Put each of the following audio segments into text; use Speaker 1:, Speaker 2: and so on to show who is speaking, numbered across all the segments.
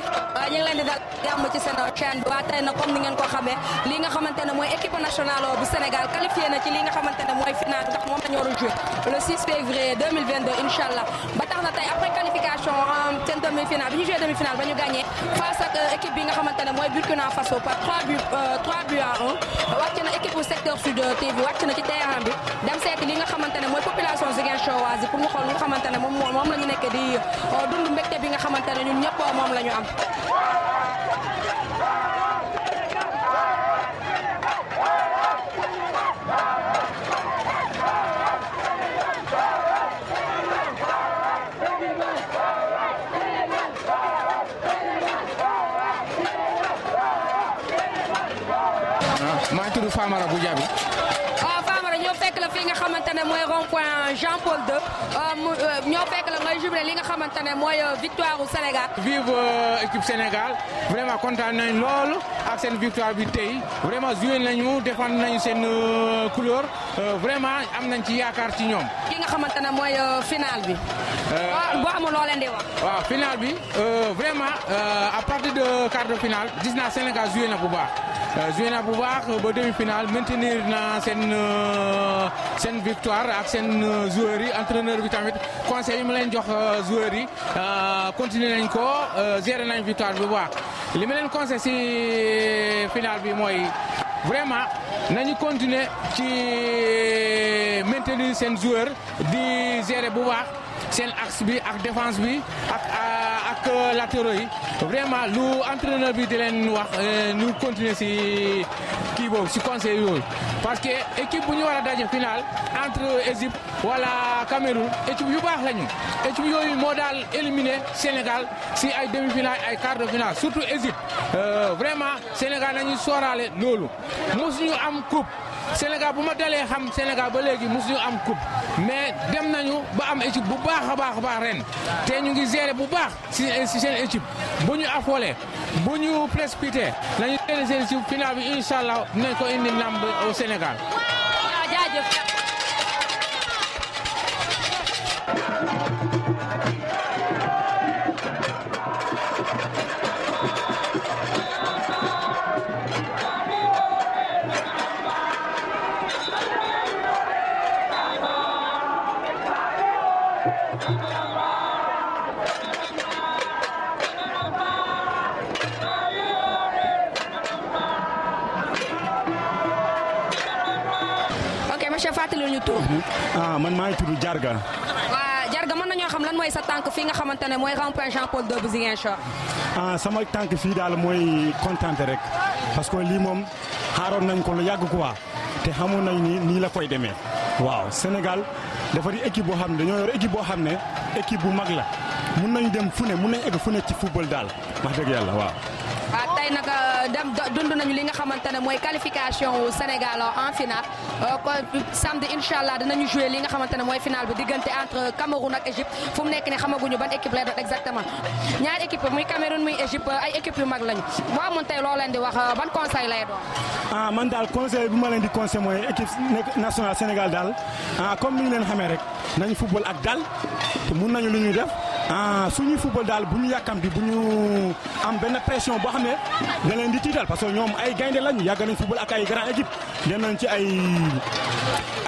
Speaker 1: bi waaye waa tey na comme ni ngeen ko xamee li nga xamante ne mooy équipe nationale bu Sénégal qualifié na ci li nga xamante mooy final ndax moom la ñu le février 2022 allah ba tax na tey après qualification euh, seen demi-finale bi ñu joué demi-finale ba ñu gagné face équipe bi nga xamante mooy Faso par 3 buts 3 euh, buts à 1 wàcc na équipe bu secteur sud TV wàcc na ci terrain bi dem li nga population yi pour xool li nga moom la di euh, dund mbégte bi nga ñun ñëpp moom la am.
Speaker 2: maa ngi tudd Famara bu Jabi
Speaker 1: la fi nga point Jean Paul II la li nga euh, victoire au Sénégal. vive euh,
Speaker 2: équipe Sénégal vraiment content nañ lool ak victoire bi vraiment joué nañu défendre nañu euh, couleur vraiment am nañ ci yaakaar ci vraiment à partir de quart de finale gis Sénégal na bu baax na bu baax ba demi-finale maintenir na seen. Euh, seen victoire ak seen euh, joueur entraîneur bi tamit conseil yi leen jox euh, joueur yi continuer nañ ko gérer nañ victoire bi bu baax li ma leen conseil si final bi mooy vraiment nañu continuer ci maintenir sen joueur di gérer bu baax sen axe bi ak défense bi ak la théorie. vraiment nous entraîneur bi di leen wax ñu euh, continuer si kii boobu conseil parce que l'équipe bu ñu war a daje final entre Égypte wala Cameroun équipe yu baax lañu équipe yooyu moo daal éliminé Sénégal si ay demi-finale ay quart de finale surtout Égypte euh, vraiment Sénégal nañu sooraale loolu mosuñu am coupe. Sénégal bu ma dalee xam Sénégal ba léegi mosuñu am coupe mais dem nañu ba am équipe bu baax a baax a baax ren te ñu ngi gérer bu baax si si seen équipe bu ñu affolé bu ñu précipité nañu gérer seen équipe final bi incha allah dinañ ko indi lamb au Sénégal.
Speaker 1: jaajëf.
Speaker 3: monsieur fàttali ñu tur. Mhm. ah man maa ngi tudd Jarga.
Speaker 1: waaw Jarga mën nañoo xam lan mooy sa tànk fii nga xamante ne mooy rond-point Jean Paul II bu Ziguinchor.
Speaker 3: ah sama tànk fii daal mooy kontaan rek parce que lii moom xaaroon nañ ko lu yàgg quoi te xamoon nañ nii nii la koy demee waaw Sénégal dafa di équipe boo xam ne dañoo yor équipe boo xam ne équipe bu mag la mun nañ dem fu ne mun nañ egg fu ne ci football daal wax dëgg yàlla waaw.
Speaker 1: Ah, tey nag euh, dem dund nañu li nga xamante ne mooy qualification Sénégal en finale euh, samedi incha allah ñu jouer li nga xamante ne mooy finale bi diggante entre Cameroun ak Égypte fu mu nekk ne xamaguñu ban équipe lay doon exactement ñaar équipe muy Cameroun muy Égypte ay équipe yu mag lañu boo amoon tey loo leen di wax euh, ban conseil lay doon.
Speaker 3: ah man daal conseil bi ma leen di conseil mooy équipe nationale Sénégal daal ah comme ni ñu leen xamee rek nañu football ak dal mun nañu lu ñuy def. ah suñuy football daal bu ñu yàkkam bu ñu am benn pression boo xam ne da leen di tiital parce que ñoom ay gaynde lañ yàgg nañ football ak ay grand équipe dem nañ ci ay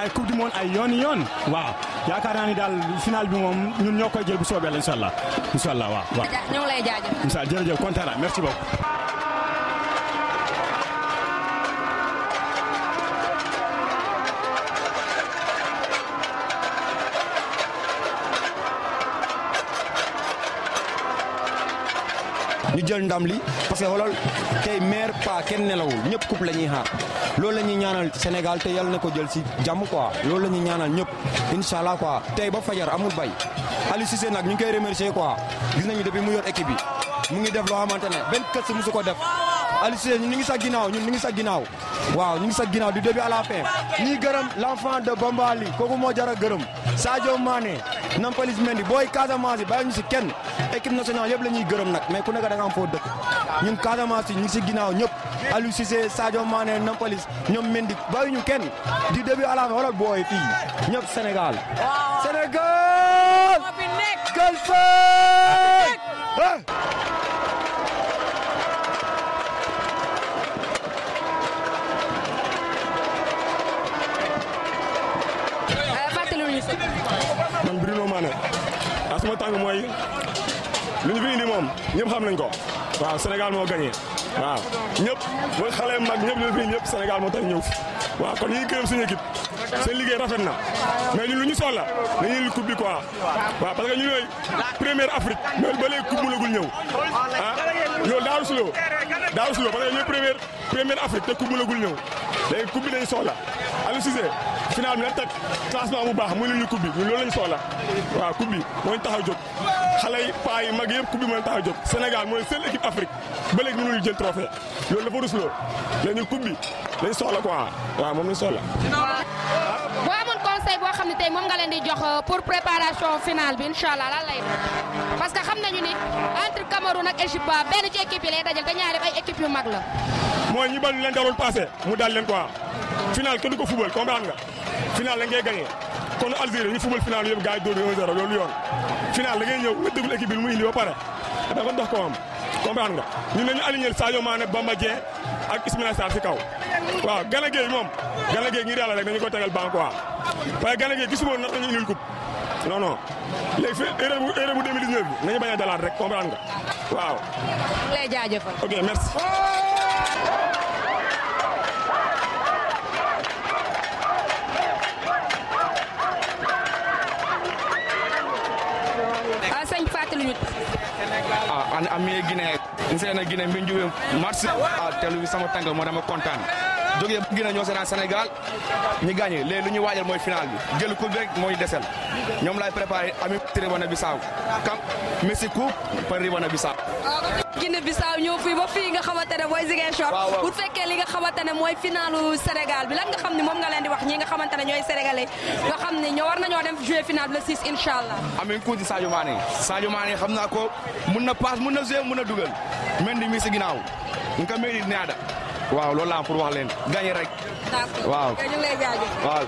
Speaker 3: ay coupe du monde ay yooni yoon waaw yaakaar naa ni daal final bi moom ñun ñoo koy jël bu soobee la incha allah incha allah waaw waaw.
Speaker 1: ñu ngi lay jaajëf.
Speaker 3: incha allah jërëjëf kontaan merci beaucoup. ñu jël ndam li parce que xoolal tey maire pas kenn nelawul ñëpp coupe la ñuy xaar loolu la ñuy ñaanal Sénégal te yàlla na ko jël si jàmm quoi loolu la ñuy ñaanal ñëpp incha allah quoi tey ba fajar amul bay Aliou Cissé nag ñu ngi koy remercier quoi gis ñu depuis mu yor équipe bi mu ngi def loo xamante ne benn kër si musu ko def Aliou Cissé ñun ñu ngi sa ginnaaw ñun ñu ngi sa ginnaaw waaw ñu ngi sa ginnaaw du début à la fin ñuy gërëm l' enfant de Bambali kooku moo jar a gërëm Sadio Mané Nampalys booy Casamance yi si kenn équipe nationale yëpp la ñuy gërëm nag mais ku nekk da nga am foo dëkk ñun Casamance yi ñu ngi si ginnaaw ñëpp Aliou Cissé Sadio Mané Nampalis ñoom Mendy bàyyiñu kenn di début à la fin wala booy fii ñëpp Sénégal. Sénégal.
Speaker 1: Eh,
Speaker 3: man Bruno Mané asuma ah, tàng mooy. lu ñu fi indi moom ñëpp xam nañ ko waaw Sénégal moo gagné waaw ñëpp mooy xale mag ñëpp ñu fi indi ñëpp Sénégal moo tax ñëw waaw kon ñu ngi gërëm suñu équipe seen liggéey rafet na mais ñun lu ñu soxla dañuy li coupe bi quoi waaw parce que ñu ñooy première Afrique mais ba léegi coupe mënagul ñëw ah loolu daaru suloo daaw si la parce que ñooy première première Afrique te kumb la gul ñëw léegi é bi lañu soxla Aliou Cissé final bi é teg classement bu baax muy la ñu coupe bi loolu lañu soxla waaw coupe bi mooñu tax a jóg xale yi paa yi mag yëpp coupe bi é tax a jóg Sénégal mooy seule équipe Afrique ba léegi mënuñu jël trophée loolu dafa rusloo léegi ñun coupe bi soxla quoi waaw moom lañu soxla
Speaker 1: tey moom nga len di jox euh, pour préparation finale bi inshallah allah lan lay parce que xam nañu ni entre Cameroun ak Égypte ben ci équipe yi lay dajal dañaa def ay équipe yu mag la.
Speaker 3: moy ñi len da ron passé mu dal len quoi finale kenn du ko fubal comprendre nga finale la ngay gagné kon Algérie ñu football finale yëpp gaay do dóor 0 lolu yoon finale la ngay ñew nga déglu équipe bi mu indi ba paré da ko dox ko am comprendre nga ñu ne ñu aligné Sadio Mané Bamba dié ak Ismaïla Sarr ci kaw waaw Gana Gueye moom Gana Gueye ngir yàlla rek dañu ko tégal ban quoi. waaye Gana Gueye gisuma woon nar nañu indil coupe non non léegi fi erreur bu bi nañu bañ dalaat rek comprendre nga waaw.
Speaker 1: ñu lay jaajëfal. ok merci. ah,
Speaker 3: ah an am Guinée. Nsena Guinée mbin juwe marché ah, sama tàngoor moo dama kontaan jógee Burkina ñoo seetaan Sénégal ñu gagné léegi lu ñuy waajal mooy final bi jël coupe bi rek mooy desel ñoom lay préparé ami ribana bissau kam Messi coupe par ribana bissau
Speaker 1: Guinée-Bissau ñëw fii ba fii nga xamante ne mooy Ziguinchor bu fekkee li nga xamante ne mooy finalu Sénégal bi lan nga xam ne moom nga leen di wax ñi nga xamante ne ñooy sénégalais nga xam ne ñoo war nañoo dem jouer final le 6 inchallah
Speaker 3: amin kuuti Sadio Mané Sadio Mané xam naa ko mun na passe mun na jouer mun na dugal mel ni mi si ginnaaw nga mel ni naada waaw loolu laa am pour wax leen gagné rek. waaw.